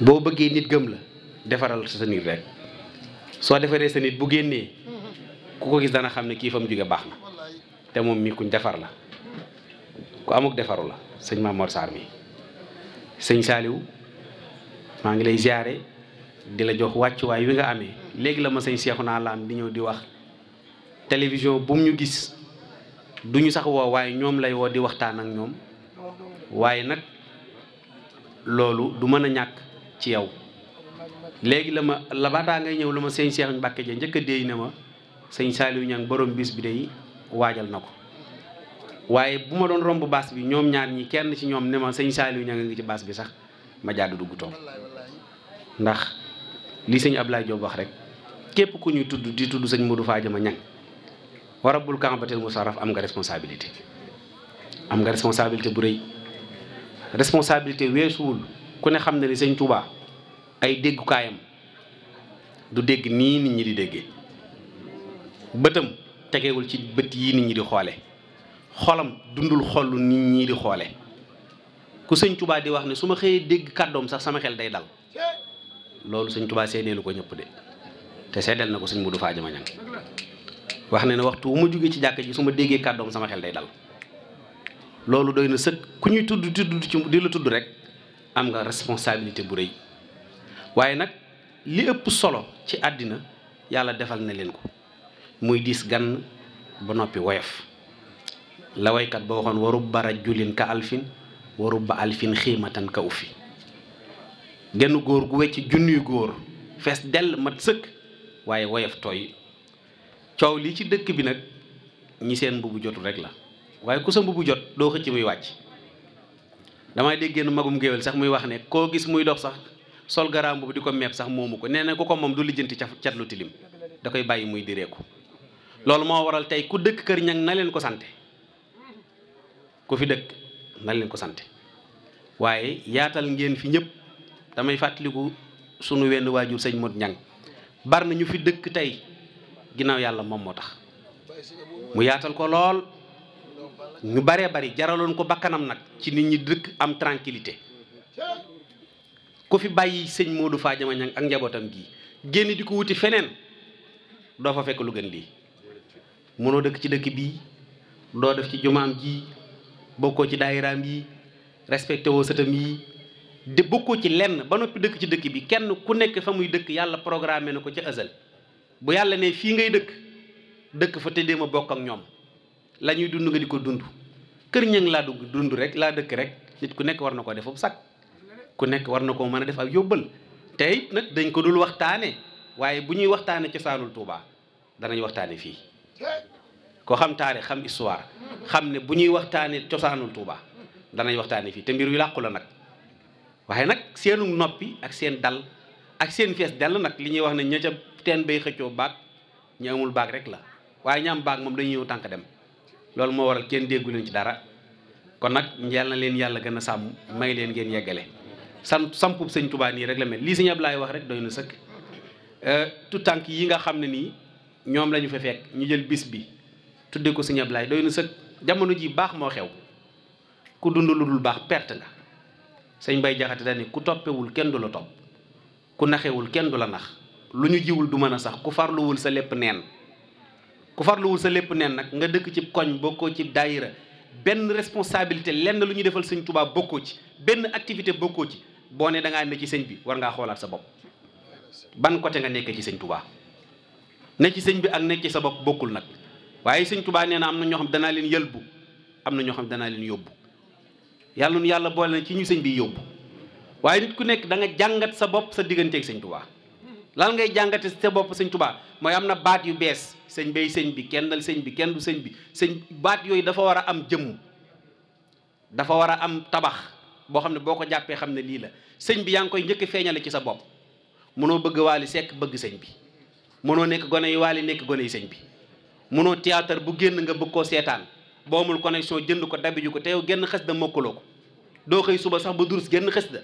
boo bëggee nit gëm la defaral sa nit rek soo defaree sa nit bu génnee ku ko gis dana xam ne kii fa mu jóge baax na te moom mi kuñ defar la ku amuk defaru la sëñ Mamor Sarr mi sëñ saaliw maa ngi lay ziare di la jox wàccuwaay wi nga amee léegi la ma sëñ seexu naa laam di ñëw di wax télévision bu mu ñu gis duñu sax woo waaye ñoom lay woo di waxtaan ak ñoom waaye nag loolu du mën a ñàkk ci yow léegi la ma la baataa ngay ñëw la ma sëñ Cheikh Mbacke ja njëkk déey na ma sëñ Saliou Niang borom bis bi day waajal na ko waaye bu ma doon romb baas bi ñoom ñaar ñi kenn ci ñoom ne ma sëñ Saliou Niang a ngi ci baas bi sax ma jaadu dugg toog ndax li sëñ Ablaye Diop wax rek képp ku ñuy tudd di tudd sëñ Modou Fadiama Niang wa rabbul ka'batil musarraf am nga responsabilité am nga responsabilité bu rëy responsabilité weesuwul ku ne xam ne ni sëñ Touba ay déggukaayam du dégg nii nit ñi di déggee bëtam tegewul ci bët yii nit ñi di xoole xolam dundul xollu nit ñi di xoole ku sëñ Touba di wax ne su ma xëyee dégg kàddoom sax sama xel day dal loolu sëñ Touba séedeelu ko ñëpp de te seedeel na ko sëñ Modou jama Niang wax ne ne waxtu wu ma jógee ci jàkk ji su ma déggee kàddoom sama xel day dal loolu doy na sëkk ku ñuy tudd tudd ci di la tudd rek am nga responsabilité bu rëy waaye nag li ëpp solo ci àddina yàlla defal na leen ko muy diis gann ba noppi woyof la waykat ba waxoon warub ba rajulin ka alfin warub ba alfin xiimatan ka ufi genn góor gu wecc junniy góor fees dell mat sëkk waaye woyof tooy coow lii ci dëkk bi nag ñi seen mbubu jotul rek la waaye ku sa mbubu jot doo xëcc muy wàcc damay déggéen magum géwél sax muy wax ne koo gis muy dox sax sol garaam boobu di ko meeb sax moomu ko nee ne ku ko moom du lijjanti ca cat lu tilim da koy bàyyi muy direeku loolu moo waral tey ku dëkk kër ñang na leen ko sante ku fi dëkk na leen ko sante waaye yaatal ngeen fi ñëpp damay fàttaliku sunu wenn waajur sëñ mot ñaŋ bar na ñu fi dëkk tey ginnaaw yàlla moom moo tax mu yaatal ko lool ñu baree bari jaraloon ko bakkanam nag ci nit ñi dëkk am tranquillité ku fi bàyyi sëñ Modou Fadiama Niang ak njabootam gii génn di ko wuti feneen doo fa fekk lu gën lii mënoo dëkk ci dëkk bi doo def ci jumaam ji bokkoo ci daayiraam yi respecté woo sëtam yi de bokkoo ci lenn ba noppi dëkk ci dëkk bi kenn ku nekk fa muy dëkk yàlla programmé na ko ca ësal bu yàlla ne fii ngay dëkk dëkk fa te ma bokk ak ñoom la ñuy dund nga di ko dund kër ñang laa dugg dund rek laa dëkk rek nit ku nekk war na ko def foofu sax ku nekk war na koo mën a def ak yóbbal tey nag dañ ko dul waxtaane waaye bu ñuy waxtaane cosaanul Touba danañ waxtaane fii ko xam taarix xam xam ne bu ñuy waxtaane cosaanul Touba danañ waxtaane fii te mbir yu làqu la nag waaye nag seenu noppi ak seen dal ak seen fees dell nag li ñuy wax ne ña ca teen bay xëccoo baag ñu amul baag rek la waaye ña am baag moom dañuy ñëw tànk dem loolu moo waral kenn déggu leen ci dara kon nag yal na leen yàlla gën a sàmm may leen ngeen yeggale sant sampub sëñ Tuubaa nii rek la mel lii sëñ Ablaay wax rek doy na sëkk euh, tu tànk yi nga xam ne nii ñoom lañu ñu fa fekk ñu jël bis bi tudde ko sëñ Ablaay doy na sëkk jamono ji baax moo xew ku dund lu dul baax perte nga sëñ Bay Jaxate dani ku toppewul kenn du la topp ku naxewul kenn du la nax lu ñu jiwul du mën a sax ku farluwul sa lépp neen ku farluwul sa lépp neen nag nga dëkk ci koñ bokkoo ci daayira benn responsabilité lenn lu ñuy defal sëñ tubaab bokkoo ci benn activité bokkoo ci boo ne da ngaa ci sëñ bi war ngaa xoolaat sa bopp ban côté nga nekkee ci sëñ Tuubaa ne ci sëñ bi ak nekk ci sa bopp bokkul nag waaye sëñ tubaa nee na am na ñoo xam danaa leen yël yëlbu am na ñoo xam danaa leen yóbbu yàlla nu yàlla boole na ci ñu sëñ bi yóbbu waaye nit ku nekk da nga jàngat sa bopp sa digganteeg sëñ Tuubaa lan ngay jàngate sa bopp sëñ tubaa mooy am na baat yu bees sëñ bay sëñ bi kenn kennal sëñ bi kenn du sëñ bi sëñ baat yooyu dafa war a am jëmm dafa war a am tabax boo xam ne boo ko jàppee xam ne lii la sëñ bi yaa ngi koy njëkk feeñale ci sa bopp mënoo bëgg waali sekk bëgg sëñ bi mënoo nekk gone yi waali nekk gone yi sëñ bi mënoo théâtre bu génn nga bëgg koo seetaan boo amul connexion jënd ko dabiju ko te yow genn xës da mokkaloo ko doo xëy suba sax ba durus genn da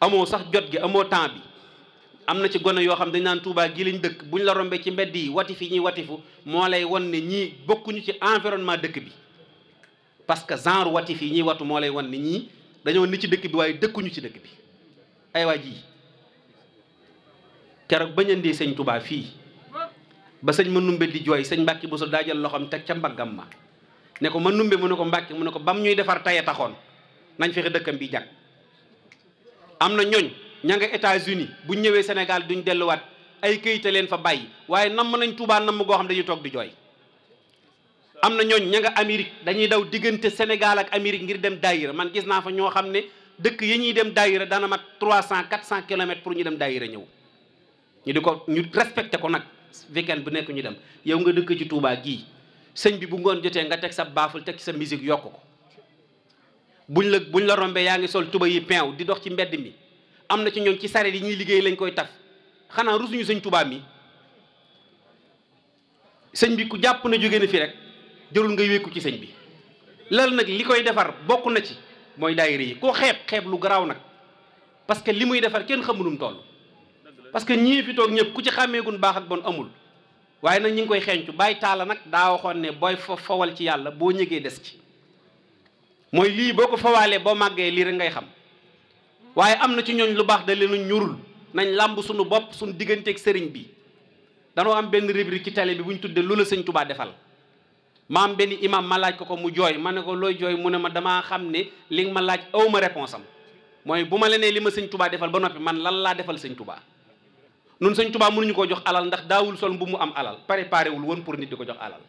amoo sax jot gi amoo temps bi am na ci gone yoo xam dañ naan tuubaa gi lañ dëkk buñ la rombee ci mbedd yi watif yi ñuy watifu moo lay won ne ñii bokkuñu ci environnement dëkk bi parce que genre watif yi ñuy watu moo lay won ne ñii dañoo ni ci dëkk bi waaye dëkkuñu ci dëkk bi ay waa ji keroog bañ andee sëñ fii ba sëñ ma numbe di jooy sëñ Mbàkke Bousso daa jël loxoom teg ca mbaggam ma ne ko ma numbe mu ne ko Mbàkke mu ne ko ba mu ñuy defar taye taxoon nañ fexe dëkkam bi jàkk am na ñooñ ña nga États-Unis bu ñëwee Sénégal duñ delluwaat ay këyit leen fa bàyyi waaye namm nañ Touba namm goo xam dañuy toog di jooy. am na ñooñ ña Amérique dañuy daw diggante Sénégal ak Amérique ngir dem daayira man gis naa fa ñoo xam ne dëkk yi ñuy dem daayira dana mat 300 400 kilomètres pour ñu dem daayira ñëw. ñu di ko ñu respecté ko nag weekend bu nekk ñu dem yow nga dëkk ci tuubaa gii sëñ bi bu ngoon jotee nga teg sa baaful teg sa musique yokk ko buñ la buñ la rombee yaa ngi sol tuba yi peew di dox ci mbedd mi. am na ci ñoom ci sareet yi ñuy liggéey lañ koy taf xanaa rusuñu sañ Tuubaa mi sëñ bi ku jàpp na jóge na fi rek jërul ngay wékku ci sañ bi lal nag li koy defar bokk na ci mooy daayira yi koo xeeb xeeb lu garaaw nag parce que li muy defar kenn xamunum toll parce que ñii fi toog ñëpp ku ci xàmmeegun baax ak bon amul waaye nag ñi ngi koy xeeñcu bàyyi taala nag daa waxoon ne booy fa fawal ci yàlla boo ñëgee des ci mooy lii boo ko fawaalee boo màggee lii rek ngay xam waaye am na ci ñooñ lu baax da leen ñuurul nañ làmb suñu bopp suñu digganteeg sëriñ bi danoo am benn rubrique ci tale bi bu ñu tuddee lu la sëñ Touba defal ma am benn imam ma laaj ko ko mu jooy ma ne ko looy jooy mu ne ma damaa xam ne li nga laaj aw ma mooy bu ma la li ma sëñ Touba defal ba noppi man lan laa defal sañ tubaa nun sëñ Touba mënuñu koo jox alal ndax daawul sol bu mu am alal préparé wul woon pour nit di ko jox alal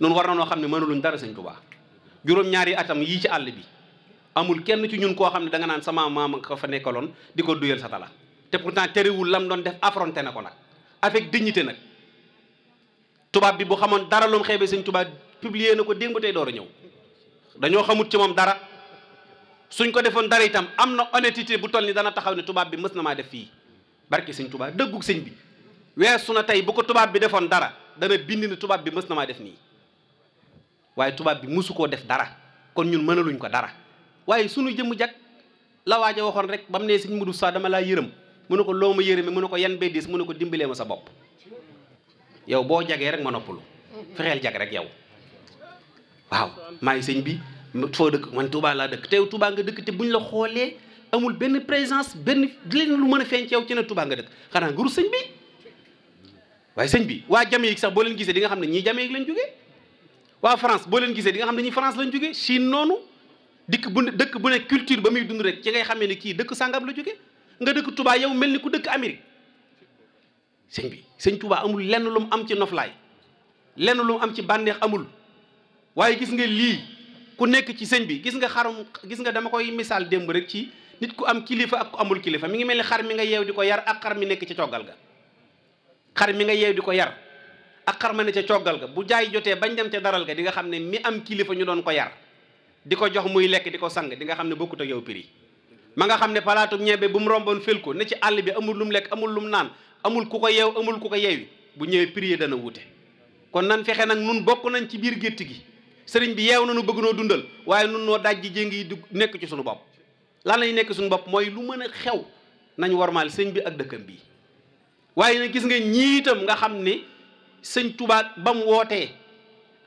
nun war na noo xam ne mënuluñ dara sëñ Touba juróom-ñaari atam yii ci àll bi. amul kenn ci ñun koo xam ne da nga naan sama maam ko fa nekkaloon di ko duyal sa tala te pourtant terewul lam doon def affronté na ko nag avec dignité nag tubaab bi bu xamoon dara lu mu xeebee sëñ tubaab publier na ko démb tey door a ñëw dañoo xamut ci moom dara suñ ko defoon dara itam am na honnêteté bu toll ni dana taxaw ne tubaab bi mës na maa def fii barki sëñ tubaab dëggug sëñ bi su na tey bu ko tubaab bi defoon dara dana bind ne tubaab bi mës na def nii waaye tubaab bi mësu koo def dara kon ñun mënaluñ ko dara waaye sunu jëmm jag la a waxoon rek ba mu ne sëñ Mudu Saa dama laa yërëm mu ne ko loo ma yërëme mu ne ko yan bay diis mu ne ko dimbalee ma sa bopp yow boo jagee rek ma noppalu fexeel jag rek yow waaw maa ngi sëñ bi foo dëkk man Touba laa dëkk teew Touba nga dëkk te buñ la xoolee amul benn présence benn leen lu mën a feeñ ci yow ci ne Touba nga dëkk xanaa nguru sëñ bi waaye sëñ bi waa Jamaïque sax boo leen gisee di nga xam ne ñii Jamaïque lañ waa France boo leen gisee di nga xam ne ñii France lañ jógee Chine noonu dikk bu dëkk bu ne culture ba muy dund rek ci ngay xame ni kii dëkk sàngam la jóge nga dëkk tubaa yow mel ni ku dëkk Amérique sëñ bi sëñ tubaa amul lenn lu mu am ci noflaay lenn lu mu am ci bànneex amul waaye gis nga lii ku nekk ci sëñ bi gis nga xarum gis nga dama koy misaal démb rek ci nit ku am kilifa ak ku amul kilifa mi ngi mel ni xar mi nga yeew di ko yar ak xar mi nekk ci coggal ga xar mi nga yeew di ko yar ak xar ma ne ca coggal ga bu jaay jotee bañ dem ca daral ga di nga xam ne mi am kilifa ñu doon ko yar di ko jox muy lekk di ko sang di nga xam ne bokkut ak yow piri ma nga xam ne palaatu ñebe bu mu romboon fil ko ne ci àll bi amul lum lekk amul lum naan amul ku ko yeew amul ku ko yeewi bu ñëwee prix dana wute kon nan fexe nag nun bokk nañ ci biir gétt gi sëriñ bi yeew nañu bëgg noo dundal waaye nun noo dajji jéngi yi du nekk ci suñu bopp lan lañu nekk suñu bopp mooy lu mën a xew nañ warmaal sëñ bi ak dëkkam bi waaye na gis nga ñii itam nga xam ni sëñ Tuubaa ba mu wootee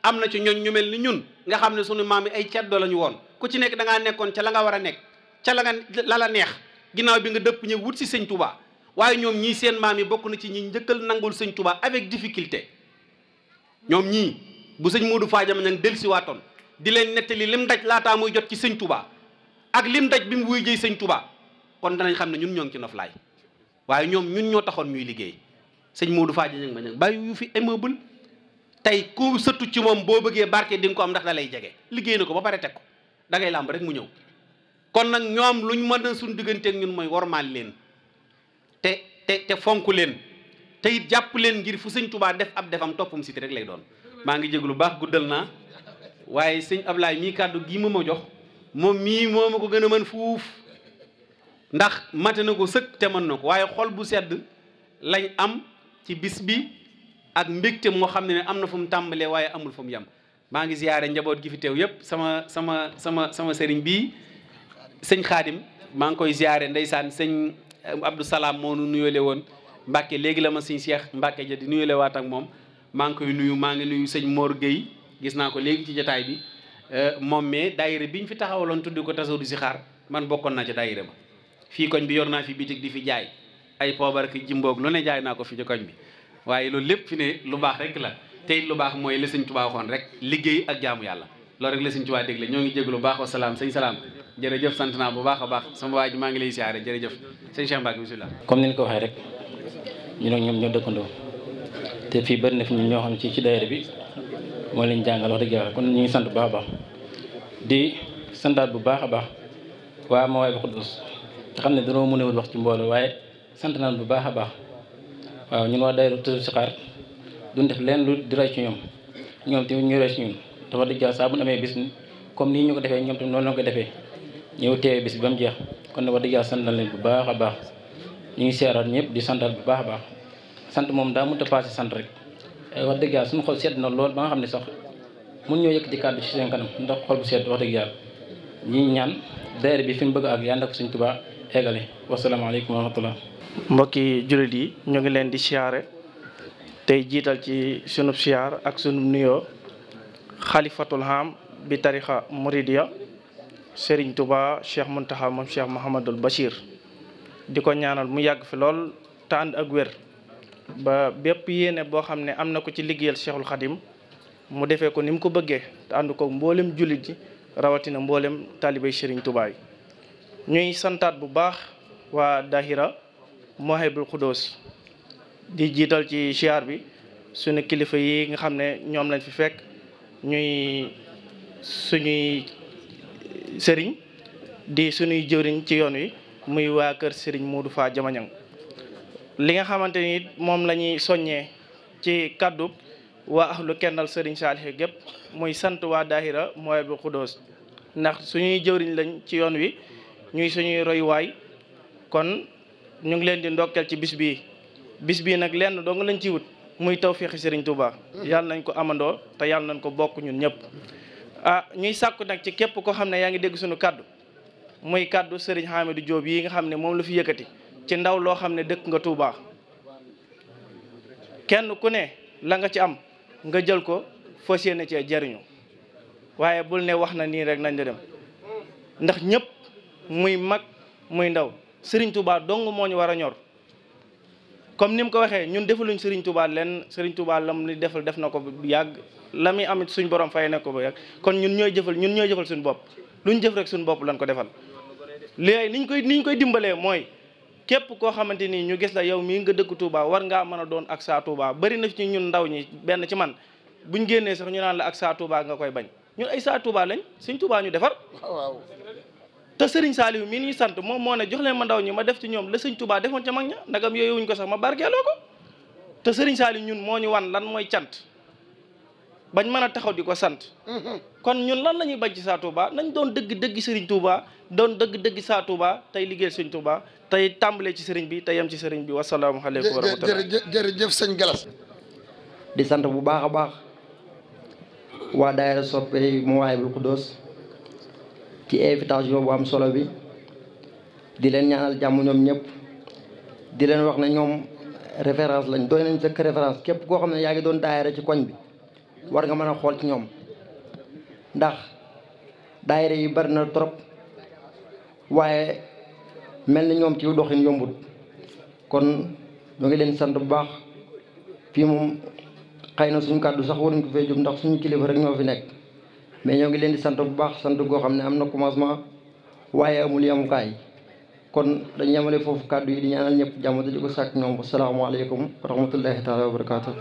am na ci ñooñ ñu mel ni ñun nga xam ne sunu maam yi ay ceddo la ñu woon ku ci nekk dangaa ngaa nekkoon ca la nga war a nekk ca la nga la la neex ginnaaw bi nga dëpp ñëw wut si sëñ Touba waaye ñoom ñii maam yi bokk na ci ñi njëkkal nangul sëñ Touba avec ñoom ñii bu sëñ Modou Fadiama ñang dellusiwaatoon di leen nettali lim daj laataa muy jot ci sëñ Touba ak lim daj bi mu wuy jëy sëñ Touba kon danañ xam ne ñun ñoo ngi ci noflaay waaye ñoom ñun ñoo taxoon ñuy liggéey sëñ Modou Fadiama ñang ma ñang bàyyi yu fi immeuble tey ku sëtu ci moom boo bëggee barke di nga ko am ndax da lay jege liggéey na ko ba pare teg ko da làmb rek mu ñëw kon nag ñoom lu ñu mën a suñ diggante ak ñun mooy wormaal leen te te te fonk leen te jàpp leen ngir fu sëñ Tuubaa def ab defam toppam siti rek lay doon maa ngi lu baax guddal naa waaye sëñ Ablaay mii kàddu gii ma ma jox moom mii moo ma ko gën a mën fuuf ndax mate na ko sëkk te mën na ko waaye xol bu sedd lañ am ci bis bi ak mbégte moo xam ne ne am na fu mu tàmbalee waaye amul fu mu yem maa ngi ziyaare njaboot gi fi teew yëpp sama sama sama sama sëriñ bii sëñ xaadim maa ngi koy ziyaare ndeysaan sëñ eh, Abdou Salaam moo nu nuyoole woon Mbàkke léegi la ma sëñ Cheikh Mbàkke ja di nuyoole ak moom maa ngi koy nuyu maa ngi nuyu sëñ moor Gueye gis naa ko léegi ci jataay bi eh, moom mais daayira bi ñu fi taxawaloon tudd ko tasoo du si xaar man bokkoon naa ci daayira ba fii koñ bi yor naa fi bitig di fi jaay ay poobar ki jimboog lu ne jaay naa ko fi ci koñ bi waaye loolu lépp fi ne lu baax rek la tey lu baax mooy la sëñ Tuubaa waxoon rek liggéey ak jaamu yàlla loolu rek la sëñ Tuubaa dégle ñoo ngi jégg lu baax wa salaam sëñ salaam jërëjëf sant naa bu baax a baax sama waa ji maa ngi lay siyaare jërëjëf sëñ Cheikh Mbacke comme ni ñu ko waxee rek ñu ne ñoom ñoo dëkkandoo te fii bëri na fi ñoo xam ci ci daayira bi moo leen jàngal wax dëgg yàlla kon ñu ngi sant bu baax di santaat bu baax a baax waa ma waaye ba xudus te xam ne danoo mën ne wut wax ci mbooloo waaye sant naan bu baax a baax waaw ñun waa daayira Tusub Sixaar du def leen lu di roy ci ñoom ñoom tamit ñu roy ci ñun dafa di jàll saa bu ñu amee bis comme nii ñu ko defee ñoom tamit noonu la ko defee ñëw teewee bis bi ba mu jeex kon nag wax dëgg yàlla sant leen bu baax a baax ñu ngi seeraat ñëpp di santal bu baax a baax sant moom daa mënut a passé sant rek wax dëgg yàlla suñu xol sedd na lool ba nga xam ne sax mun ñoo yëkk di kàddu ci seen kanam ndax xol bu sedd wax dëgg yàlla ñi ñaan daayira bi fi mu bëgg ak yàlla na ko suñ Tuubaa eggale wasalaamaaleykum wa rahmatullah mbokki jullit yi ñoo ngi leen di siyaare tey jiital ci sunub siyaar ak sunub nuyoo xalifatul ham bi tarixa muridiya sëriñ tubaa Cheikh Mountakha moom Cheikh Mouhamadul Bachir di ko ñaanal mu yàgg fi lool te ànd ak wér ba bépp yéene boo xam ne am na ko ci liggéeyal Cheikhul Khadim mu defee ko ni mu ko bëggee te ànd ko mboolem jullit yi rawatina mboolem taalibay Serigne tubaa yi ñuy santaat bu baax waa dahira Mawahibou Khoudoss di jiital ci siyaar bi sunu kilifa yi nga xam ne ñoom lañ fi fekk ñuy suñuy sëriñ di suñuy jëwriñ ci yoon wi muy waa kër sëriñ Modou Fa Jamañang li nga xamante ni moom lañuy soññee ci kàddu waa lu kennal sëriñ Saalih gépp muy sant waa dahira Mawahibou Khoudoss ndax suñuy jëwriñ lañ ci yoon wi ñuy suñuy royuwaay kon ñu ngi leen di ndokkeel ci bis bii bis bii nag lenn dong lañ ci wut muy taw tawféexi sëriñ Touba yàlla nañ ko amandoo te yàlla nañ ko bokk ñun ñëpp. ah ñuy sàkku nag ci képp koo xam ne yaa ngi dégg suñu kàddu muy kaddu Serigne Hamidou Diop yi nga xam ne moom la fi yëkkati ci ndaw loo xam ne dëkk nga Touba kenn ku ne la nga ci am nga jël ko foo yéene cee jariñu waaye bul ne wax na nii rek nañ la dem ndax ñëpp. muy mag muy ndaw sëriñ Touba dong moo ñu war a ñor comme ni mu ko waxee ñun defaluñ Serigne Touba lenn Serigne Touba lam ni defal def na ko bu yàgg la muy amit suñ borom fay nekk ko bu yàgg kon ñun ñooy jëfal ñun ñooy jëfal suñu bopp luñ jëf rek suñu bopp lañ ko defal. léegi niñ koy niñ koy dimbalee mooy képp koo xamante ni ñu gis la yow mii nga dëkk Touba war ngaa mën a doon ak saa Touba bari na ci ñun ndaw ñi benn ci man buñ génnee sax ñu naan la ak saa Touba nga koy bañ ñun ay saa Touba lañ suñ Touba ñu defar. te Serigne Saliou mii ñuy sant moom moo ne jox leen ma ndaw ñi ma def ci ñoom la sëñ Touba defoon ca mag ña nagam yooyu wuñ ko sax ma barkeeloo ko te Serigne Saliou ñun moo ñu wan lan mooy cant bañ mën a taxaw di ko sant. kon ñun lan la ñuy bañ ci saa Touba nañ doon dëgg dëgg Serigne Touba doon dëgg dëgg saa Touba tey liggéey sëñ Touba tey tàmbalee ci Serigne bi tey yam ci Serigne bi wasalaamualeykum. wa rahmatulah jë jë jërëjëf sëñ Galas. di sant bu baax a baax waa daayira soppe Mawaahibul Quddous ci invitation bu am solo bi di leen ñaanal jàmm ñoom ñëpp di leen wax ne ñoom référence lañ doy nañ sëkk référence képp koo xam ne yaa ngi doon daayira ci koñ bi war nga mën a xool ci ñoom ndax daayira yi bari na trop waaye mel ni ñoom ci doxin yombut kon ñu ngi leen sant bu baax fii moom xëy na suñu kàddu sax waruñ ko fee jub ndax suñu kilifa rek ñoo fi nekk mais ñoo ngi leen di sant bu baax sant goo xam ne am na commencement waaye amul yamukaay kon dañu yemale foofu kàddu yi di ñaanal ñëpp jàmm di ko sàkk ñoom asalaamaaleykum wa rahmatullahi taala wa barakaatu.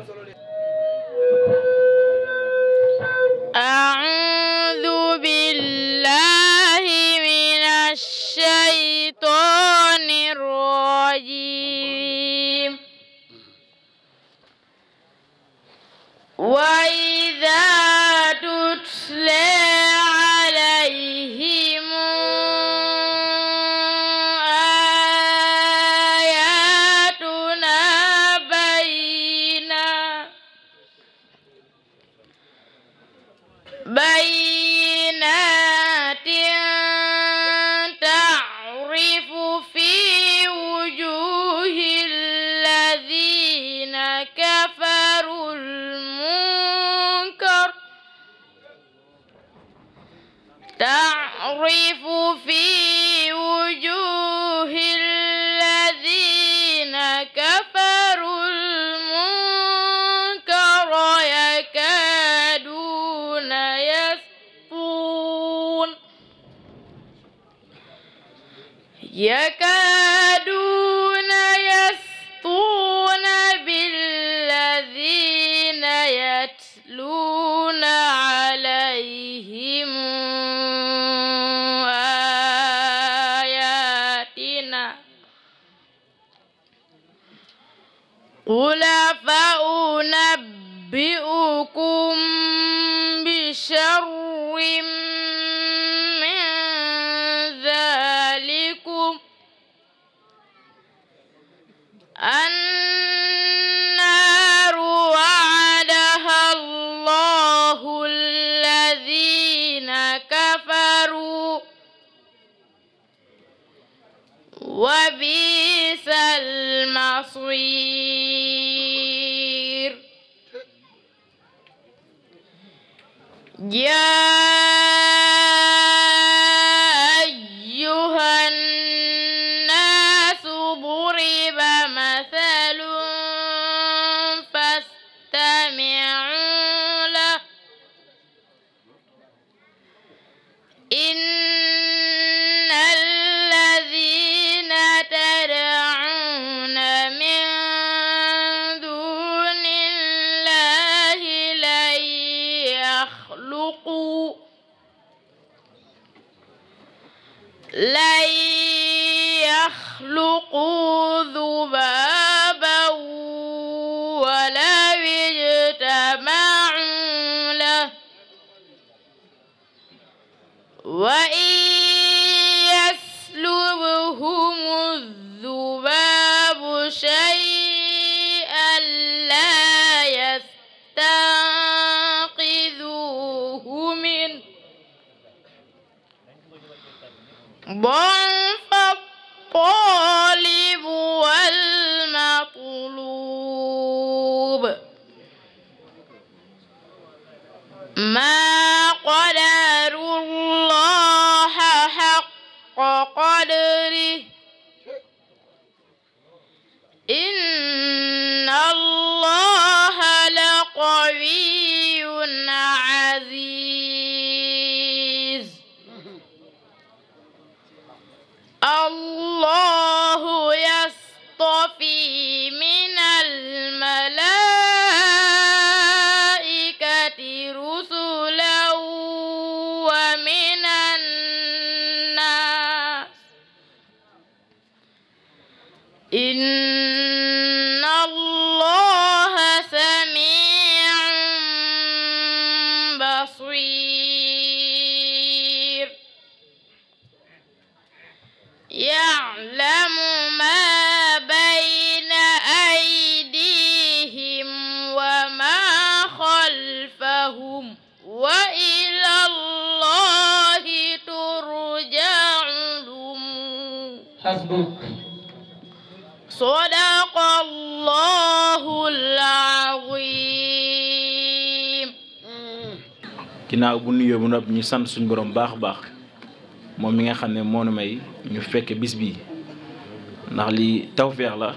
يخلق victory. ginnaaw bu nuyoo bu nopp ñu sant suñu borom baax baax moom mi nga xam ne moonu may ñu fekkee bis bii ndax lii tawfeex la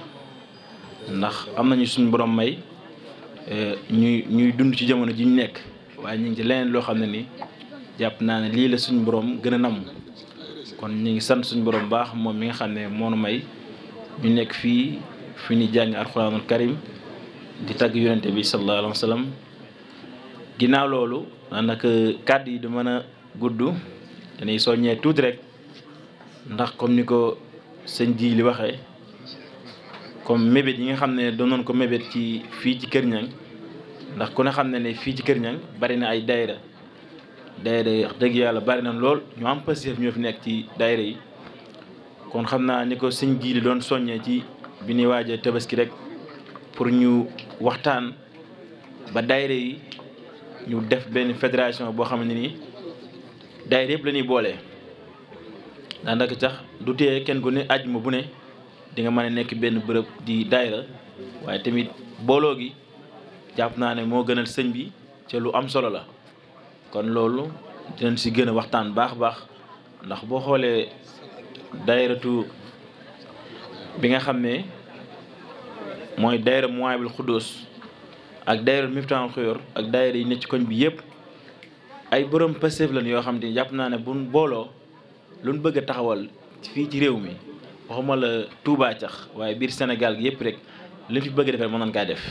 ndax am nañu suñu borom may eh, ñuy ñuy dund ci jamono ji ñu nekk waaye ñu ngi ci leneen loo xam ne ni jàpp naa ne lii la suñu borom gën a namm kon ñu ngi sant suñu borom baax moom mi nga xam ne moonu may ñu nekk fii fi ñu jàng alxuraanul karim di tagg yonente bi sallallahu alayhi wa sallam ginnaaw loolu daanaka euh, kàddu yi du mën a gudd dañuy soññee tuuti rek ndax comme ni ko sëñ ji li waxee comme mébét yi nga xam ne doonoon ko mébét ci fii ci Kër Niang ndax ku ne xam ne ne fii ci Kër Niang bari na ay daayira daayira yi wax dëgg yàlla bari na lool ñu am positif ñoo fi nekk ci daayira yi kon xam naa ni ko sëñ ji doon soññee ci bi ñuy waajee a tabaski rek pour ñu waxtaan ba daayira yi ñu def benn fédération boo xam ni nii daayira yëpp la boole daanaka sax du tee kenn ku ne àjjuma bu ne di nga mën a nekk benn bërëb di daayira waaye tamit booloo gi jàpp naa ne moo gënal sëñ bi ca lu am solo la kon loolu dinañ si gën a waxtaan baax baax ndax boo xoolee daayiratu bi nga xam ne mooy daayira Mouwahiboul Khoudoss ak daayira Miftahul Xuyóor ak daayira yi ne ci koñ bi yëpp ay borom Pastef lañ yoo xam te ni jàpp naa ne buñ booloo luñ bëgg taxawal fii ci réew mi waxuma la Touba cax waaye biir Sénégal gi yëpp rek liñ fi bëgg a defee mën nañ kaa def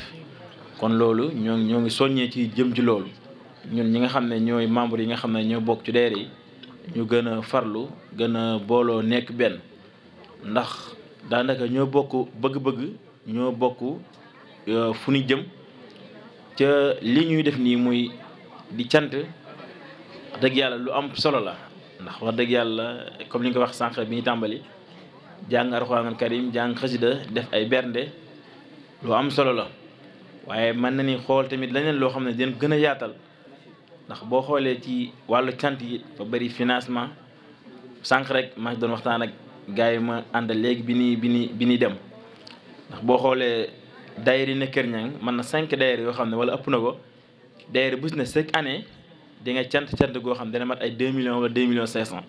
kon loolu ñoo ñoo ngi soññee ci jëm ci loolu ñun ñi nga xam ne ñooy membres yi nga xam ne ñoo bokk ci daayira yi ñu gën a farlu gën a booloo nekk benn ndax daanaka ñoo bokk bëgg-bëgg ñoo bokk euh, fu ñu jëm ca li ñuy def nii muy di cant dëgg yàlla lu am solo la ndax wax dëgg yàlla comme li nga ko wax sànq bi ñu tàmbali jàng Alxuraanul Karim jàng xasida def ay bernde lu am solo la waaye mën na ni xool tamit leneen loo xam ne den gën a yaatal ndax boo xoolee ci wàllu cant yi ba bëri financement sànq rek maa ngi doon waxtaan ak gars yi ma àndal léegi bi ni bi ni bi ni dem ndax boo xoolee daayira yi ne Kër Ñang man na cinq daayira yoo xam ne wala ëpp na ko daayira bu ne chaque année di nga cant cant goo xam ne dana mat ay deux millions wala deux millions cinq cent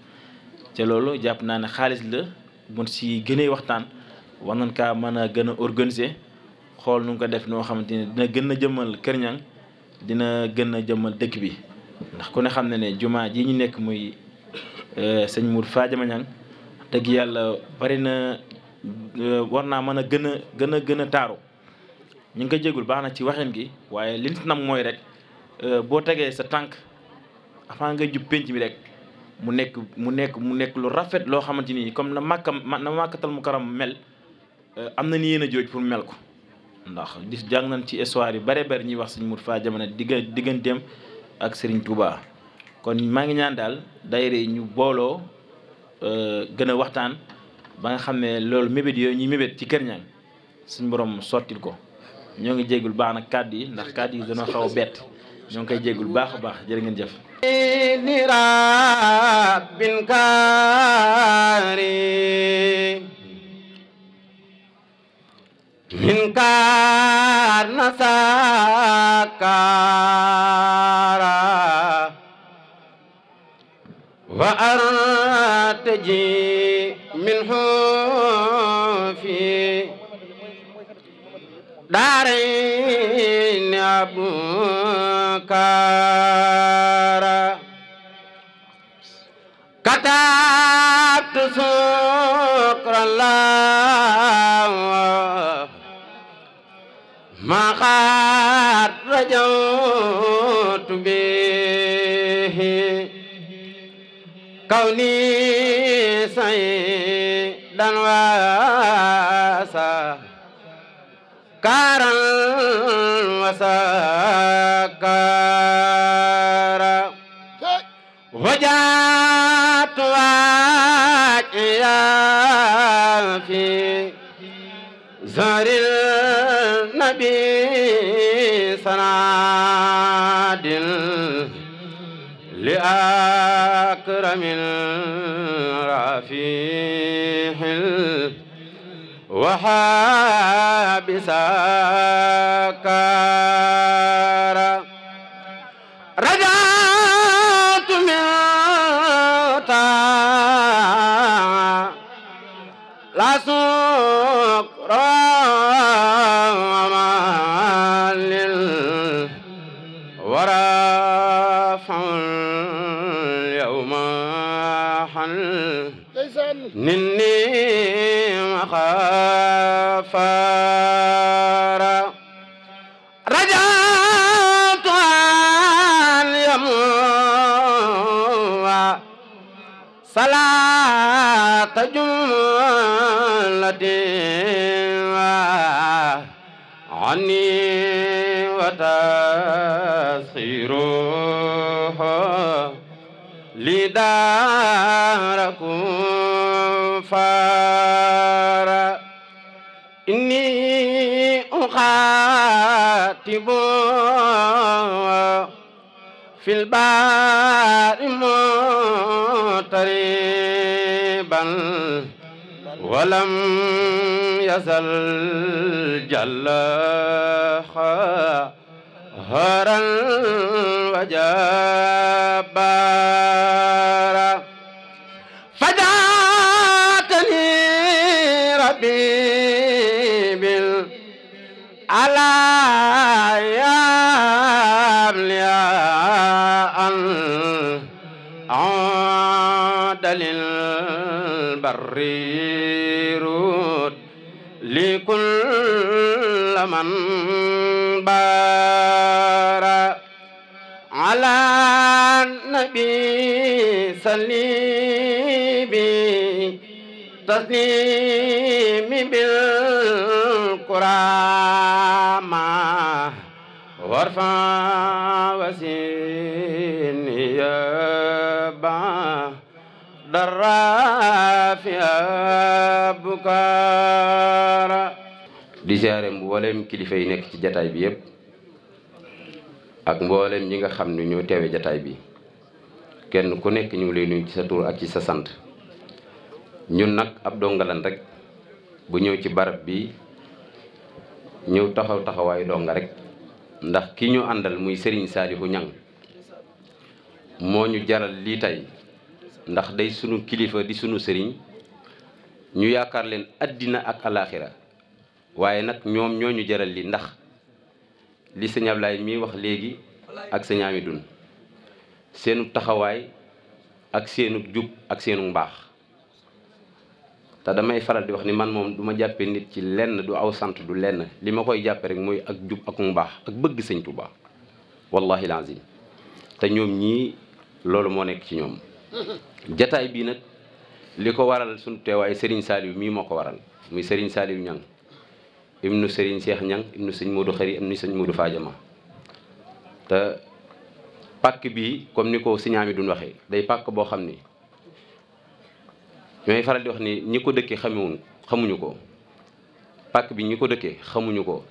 te loolu jàpp naa ne xaalis la mun si gënee waxtaan war nañ kaa mën a gën a organiser xool nu ko def noo xamante ne dina gën a jëmmal Kër Ñang dina gën a jëmmal dëkk bi ndax ku ne xam ne ne jumaa ji ñu nekk muy euh, sëñ Mour Fadiama Ñang dëgg yàlla bari na euh, war naa mën a gën a gën a gën a taaru ñu ngi ko jégul baax na ci waxin gi waaye li nit nam mooy rek euh, boo tegee sa tànk avant nga jub penc bi rek mu nekk mu nekk mu nekk lu rafet loo xamante ni comme na màkkam na màkkatal mu karam mel euh, am na ni yéen jooj pour mel ko ndax di jàng nañ ci histoire yi bare bare ñuy wax suñu mut faa jamono digga digganteem ak sëriñ Touba kon maa ngi ñaan daal daayira ñu booloo euh, gën a waxtaan ba nga xam ne loolu mébét yooyu ñu mébét ci kër ñaan suñ borom sottil ko ñoo ngi jéggul baax na kàddu yi ndax kàddu yi dañoo xaw a bett ñoo ngi koy jéggul baax baax jërë ngeen jëf li rabbin kaari na saakaara wa artaji min xu أبكارا كتبت سكر الله ما قد رجوت به كوني سيدا سكر وجات واجيا في زار النبي سناد لأكرم الرفيق وحابسك حق جملتي عني وتسيره لداركم فار إني أخاطب في البار ولم يزل جل هرا وجبارا فدعتني ربي بالألايام لأن أعود للبري كل من بار على النبي صليبي تسليم بالكرامة وارفع وسين يبا درافع بكارا siyaare mbooleem kilifa yi nekk ci jataay bi yépp ak mboolem ñi nga xam ne ñoo teewe jataay bi kenn ku nekk ñu ngi lay sa tur ak ci sa sant ñun nag ab dongalan rekk bu ñëw ci barab bi ñëw taxaw taxawaayu donga rek ndax ki ñu àndal muy Serigne Saalihu Ñang moo ñu jaral lii tey ndax day sunu kilifa di sunu sëriñ ñu yaakaar leen àddina ak alaaxira waaye nag ñoom ñoo ñu jaral li ndax li sëñ Ablaye mii wax léegi ak sëñ dun seenu taxawaay ak seenu jub ak seenu mbaax te damay faral di wax ni man moom duma ma jàppe nit ci lenn du aw sant du lenn li ma koy jàppe rek mooy ak jub ak mbaax ak bëgg sëñtu Touba wallahi lazim te ñoom ñii loolu moo nekk ci ñoom jataay bii nag li ko waral sunu teewaay Serigne Saliou mii moo ko waral muy Serigne Saliou Niang ibnu Serigne Cheikh Niang ibnu sëñ Modou Khari ibnu du Modou Fadiama te pàkk bi comme ni ko siñaami duñ waxee day pàkk boo xam ni ñooy faral di wax ni ñi ko dëkkee xamewuñ xamuñu ko pàkk bi ñi ko dëkkee xamuñu ko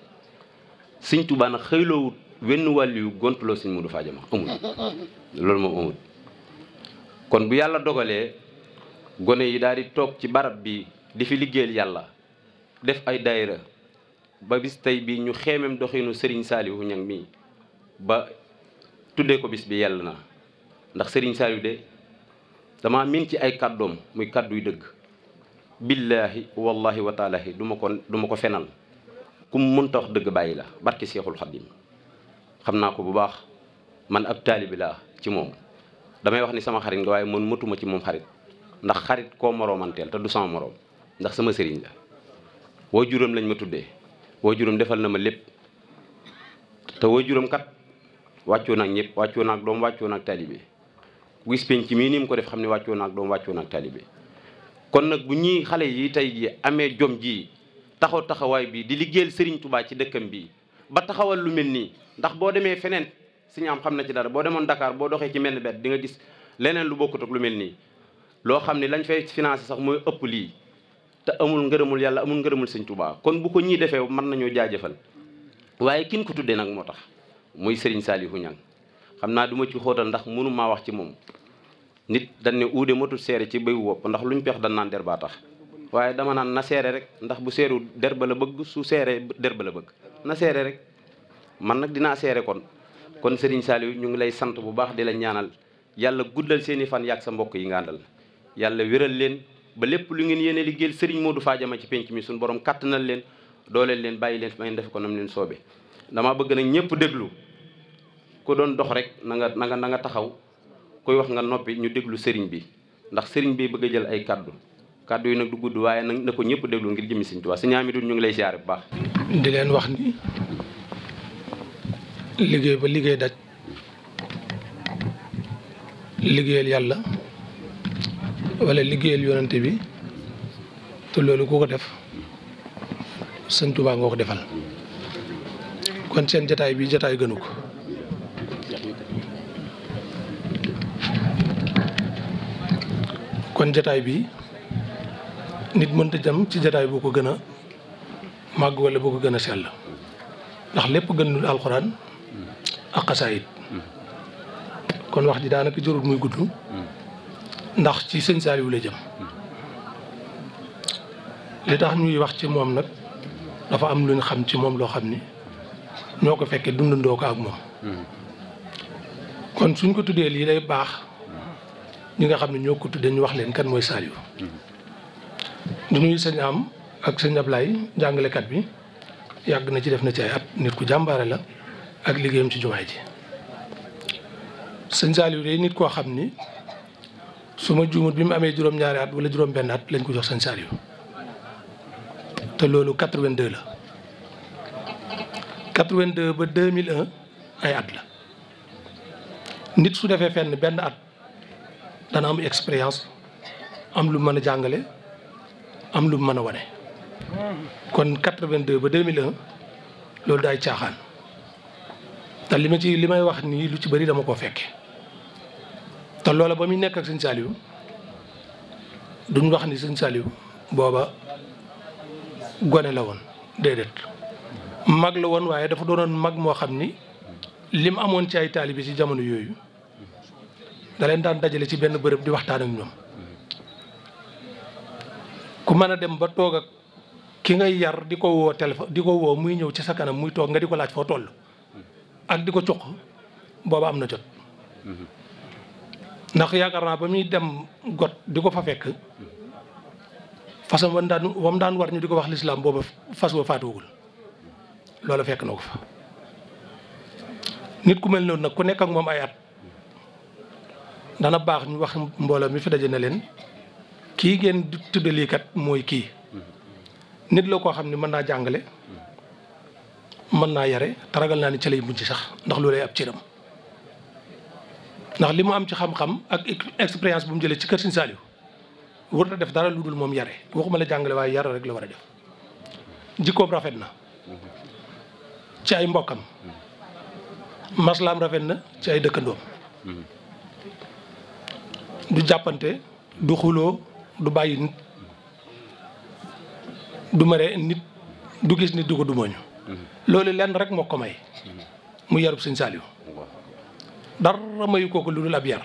sëñ Tuubaa nag xëyloowut wenn wàll yu gontuloo sëñ Modou Fadiama amul loolu moom amul kon bu yàlla dogalee gone yi daal di toog ci barab bi di fi liggéeyal yàlla def ay dayra ba bis tey bii ñu xeemem doxinu Serigne Saliou ñang mii ba tuddee ko bis bi yàlla na ndax sëriñ Saliou de dama min ci ay kàddoom muy kàdduy dëgg billaahi wallahi wa taalahi du ma ko du ma ko fenal ku mu mënta wax dëgg bàyyi la barki Seexul Xadim xam naa ko bu baax man ab taalibi laa ci moom damay wax ni sama xarit waaye man matuma ci moom xarit ndax xarit koo du sama moroom ndax sama sëriñ la juróom lañ ma tuddee waajuram defal na ma lépp te waajuram kat wàccoo naag ñëpp wàccoo naag doom wàccoo naag taalibe gis penc mii ni ko def xam ne wàccoo naag doom wàccoo naag taalibe kon nag bu ñuy xale yi tey amee jom ji taxaw taxawaay bii di liggéeyal Serigne tubaay ci dëkkam bi ba taxawal lu mel nii ndax boo demee feneen suñu am xam na ci dara boo demoon Dakar boo doxee ci menn bet di nga gis leneen lu bokkut ak lu mel nii loo xam ne lañ fay financé sax mooy ëpp lii te amul ngërëmul yàlla amul ngërëmul sëñ Touba kon bu ko ñii defee mën nañoo jaajëfal waaye kin ko tuddee nag moo tax muy Serigne Saliou Niang xam naa duma ma ci xóotal ndax mënu maa wax ci moom nit dañ ne uude matul seere ci béyu wopp ndax lu luñ pex dañ naan der baa tax waaye dama naan na seere rek ndax bu seeru der ba la bëgg su seere der ba la bëgg na seere rek man nag dinaa seere kon kon Serigne Saliou ñu ngi lay sant bu baax di la ñaanal yàlla guddal seeni fan yàgg sa mbokk yi nga ba lépp lu ngeen yéene liggéeyal sëriñ faa Fadiama ci penc mi suñu borom kàttanal leen dooleel leen bàyyi leen ba may def ko nam leen soobee damaa bëgg nag ñëpp déglu ku doon dox rek na nanga na taxaw kuy wax nga noppi ñu déglu sëriñ bi ndax sëriñ bi bëgg a jël ay kàddu kàddu yi nag du gudd waaye nag na ko ñëpp déglu ngir jëmi Sëriñ Tuubaa Sëriñ Amidu ñu ngi lay siyaare bu baax. di leen wax ni liggéey ba liggéey daj liggéeyal yàlla. wala liggéeyal yonante bi te loolu ku ko def sëñ Tuubaa nga ko defal kon seen jataay bi jataay gënu ko kon jataay bi nit mënta jam ci jataay boo ko gën a màgg wala boo ko gën a sell ndax lépp gënul alxuraan ak xasaayit kon wax ji daanaka jërul muy gudd ndax ci sëñ Saliou la jëm li tax ñuy wax ci moom nag dafa am lu ñu xam ci moom loo xam ni ñoo ko fekkee dundandoo ko ak moom kon suñ ko tuddee lii day baax ñi nga xam ne ñoo ko tuddee ñu wax leen kan mooy Saliou du ñuy sëñ am ak sëñ Ablaye jàngalekat bi yàgg na ci def na ci ay at nit ku jàmbaare la ak liggéeyam ci jumaay ji sëñ Saliou day nit koo xam ni su ma juumut bi mu amee juróom-ñaari at wala juróom-benn at lañ ko jox sëñ Saliou te loolu 82 la 82 ba 2001 ay at la nit su defee fenn benn at dana am expérience am lu mën a jàngale am lu mën a wane. kon 82 ba 2001 loolu daay caaxaan te li ma ci li may wax nii lu ci bëri dama koo fekke te loola ba muy nekk ak sëñ Saliou duñ wax ni sëñ Saliou booba gone la woon déedéet mag la woon waaye dafa doonoon mag moo xam ni lim amoon ci ay taalibi ci jamono yooyu da leen daan dajale ci benn bërëb di waxtaan ak ñoom ku mën a dem ba toog ak ki ngay yar di ko woo téléphone di ko woo muy ñëw ci sa kanam muy toog nga di ko laaj foo toll ak di ko cuq booba am na jot ndax yaakaar naa ba muy dem got di ko fa fekk façon wan daan wam daan war ñu di ko wax lislaam booba fas wa faatuwul loola fekk na ko fa nit ku mel noonu nag ku nekk ak moom ay at dana baax ñu wax mboola mi fi daje na leen kii ngeen tudde lii kat mooy kii nit la koo xam ne mën naa jàngale mën naa yare te naa ni ci lay ci sax ndax loolay ab cëram ndax li mu am ci xam-xam ak expérience bu mu jëlee ci kër Sëñ Saaliw warut a def dara lu dul moom yare waxuma la jàngale waaye yar rek la war a def jikkoom rafet na ci ay mbokkam maslaam rafet na ci ay dëkkandoom du jàppante du xuloo du bàyyi nit du mere nit du gis nit du ko dumooñu mm-hmm. loolu lenn rek moo ko may mu yarub Sëñ Saaliw dara mayu ko ko lu dul ab yar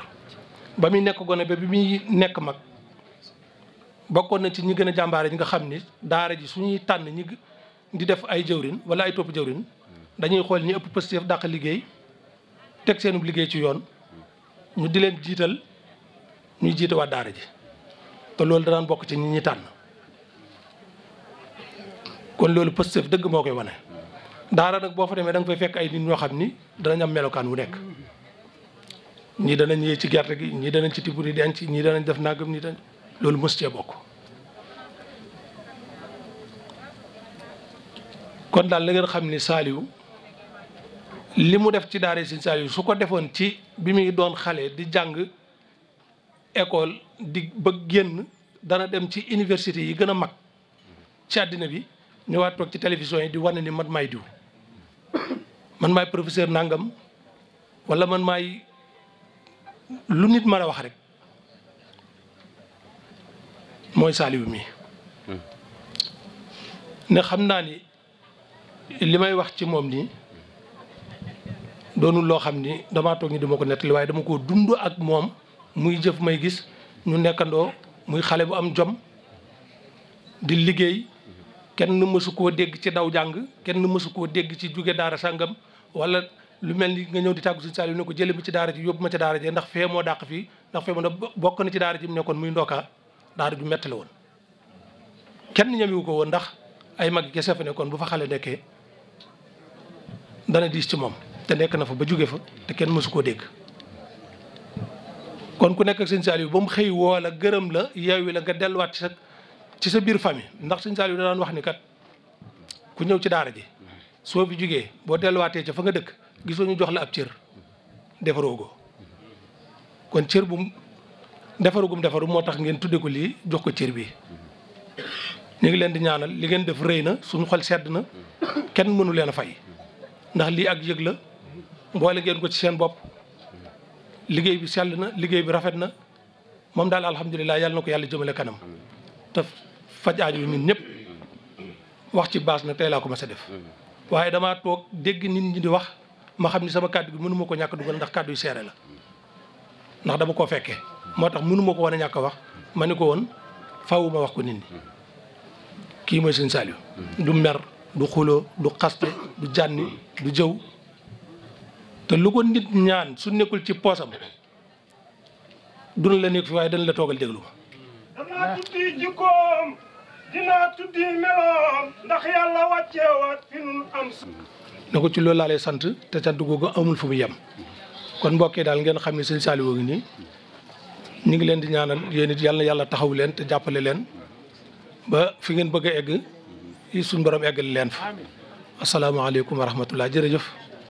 ba muy nekk gone ba bi muy nekk mag bokkoon na ci ñi gën a jàmbaare ñi nga xam ni daara ji suñuy tànn ñi di def ay jëwriñ wala ay topp jëwrin dañuy xool ñi ëpp positif dàq liggéey teg seenub liggéey ci yoon ñu di leen jiital ñuy jiite waa ji te loolu danaan bokk ci ñi ñi tànn kon loolu positif dëgg moo koy wane daara nag boo fa demee da nga fay fekk ay nit ñoo xam ni danañ am melokaan wu nekk ñii danañ yee ci gerte gi ñii danañ ci tibb di denc ñii danañ def nangam ñii danañ loolu mës cee bokk. kon daal la ngeen xam ni Saliou li mu def ci daara Serigne Saliou su ko defoon ci bi muy doon xale di jàng école di ba génn dana dem ci université yi gën a mag ci àddina bi ñëwaat toog ci télévision yi di wane ni man maay diw man maay professeur nangam wala man maay. lu nit mën a wax rek mooy saaliwu mi ne xam naa ni li may wax ci moom nii doonul loo xam ni damaa toog ni dama ko nettali waaye dama ko dund ak moom muy jëf may gis ñu nekkandoo muy xale bu am jom di liggéey kenn mësu koo dégg ci daw jàng kenn mësu koo dégg ci jóge daara sàngam wala lu mel ni nga ñëw di tàggu suñu Saliou ne ko jële bi ci daara ji yóbbu ma ci daara ji ndax fee dàq fii ndax fee moo bokk na ci daara ji mu nekkoon muy daara ju metti la woon kenn ñamewu ko woon ndax ay mag kese fa nekkoon bu fa xale nekkee dana diis ci moom te nekk na fa ba jóge fa te kenn mësu koo dégg kon ku nekk ak sëñ Saliou ba mu xëy woo la gërëm la yeewi la nga delluwaat ci sa ci sa biir famille ndax sëñ Saliou da daan wax ni kat ku ñëw ci daara ji soo fi jógee boo delluwaatee ci fa nga dëkk gisoo ñu jox la ab cër defaroo ko kon cër bum defaru defaru moo tax ngeen tudde ko lii jox ko cër bi ñu leen di ñaanal li ngeen def rëy na suñu xol sedd na kenn mënu leen a fay ndax lii ak yëg la mboole ngeen ko ci seen bopp liggéey bi sell na liggéey bi rafet na moom daal alhamdulilah yàlla na ko yàlla jëmale kanam te faj aaju ñun ñëpp wax ci baas na tey laa ko mas a def mm-hmm. waaye damaa toog dégg nit ñi di wax ma xam ni sama kàddu gi mënuma ko ñàkk dugal ndax kàddu yu seere la ndax dama koo fekkee moo tax mënuma ko wane ñàkk wax ma ni ko woon faaw ma wax ko nit ñi kii mooy sëñ mer du xuloo du xaste du jànni du jëw te lu ko nit ñaan su nekkul ci poosam duna la nekk fi waaye dañ la toogal déglu ma danaa tuddi jikkoom dinaa tuddi meloom ndax yàlla wàcceewaat fi nun am na ko ci loolu laa sant te ca sant googu amul fu mu yem kon mbokkee daal ngeen xam ne sëñ Saliou ngi nii ñu ngi leen di ñaanal yéen it yàlla yàlla taxaw leen te jàppale leen ba fi ngeen bëgg a egg suñ borom eggal leen fa asalaamaaleykum wa rahmatullah jërëjëf